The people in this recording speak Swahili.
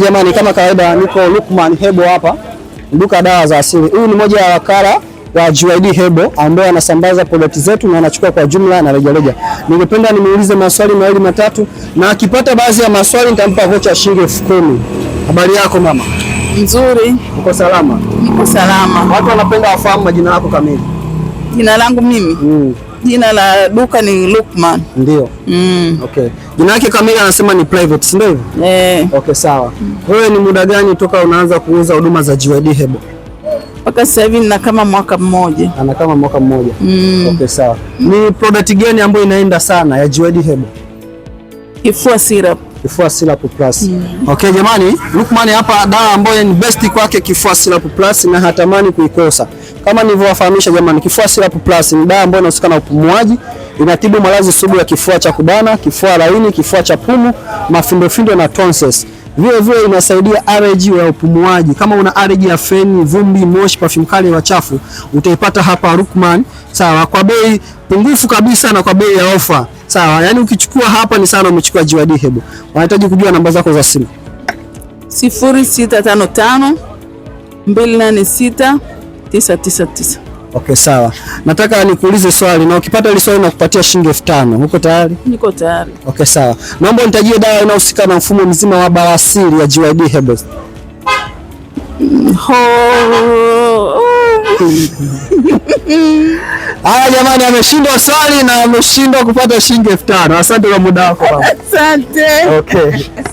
Jamani, kama kawaida niko Lukman Hebo hapa duka dawa za asili. Huyu ni mmoja ya wakala wa GYD Hebo ambaye anasambaza product zetu na anachukua kwa jumla na rejareja. Ningependa nimuulize maswali mawili matatu, na akipata baadhi ya maswali nitampa vocha shilingi elfu kumi. Habari yako mama? Nzuri. Uko salama? Niko salama. Watu wanapenda wafahamu majina yako kamili. Jina langu mimi mm. Jina la duka ni Lukman. Ndio. Mm. Okay. Jina yake kamili anasema ni private, si ndio hivyo? Eh. Okay, sawa. Wewe ni muda gani toka unaanza kuuza huduma za GYD Hebo? Mpaka sasa hivi nina kama mwaka mmoja. Ana kama mwaka mmoja. Mm. Okay, sawa. Ni product gani ambayo inaenda sana ya GYD Hebo? Ifua syrup. Kifua syrup plus. Mm. Okay, jamani, Lukman hapa dawa ambayo ni best kwake kifua syrup plus na hatamani kuikosa. Kama nilivyowafahamisha jamani, kifua syrup plus ni dawa ambayo inahusika na upumuaji, inatibu maradhi sugu ya kifua cha kubana, kifua laini, kifua cha pumu, mafindofindo na tonsils. Vile vile inasaidia allergy ya upumuaji. Kama una allergy ya feni, vumbi, moshi, perfume kali na chafu, utaipata hapa rukman sawa, kwa bei pungufu kabisa na kwa bei ya ofa, sawa. Yani ukichukua hapa ni sana umechukua Jiwadi Hebo. Wanahitaji kujua namba zako za simu 0655 286 999. Okay, sawa. Nataka nikuulize swali na ukipata hili swali nakupatia shilingi elfu tano. Uko tayari? Niko tayari. Okay, sawa. Naomba nitajie dawa inayohusika na mfumo mzima wa bawasiri ya GYD Herbs. Haya jamani, ameshindwa swali na ameshindwa kupata shilingi elfu tano. Asante kwa muda wako. Asante. Okay.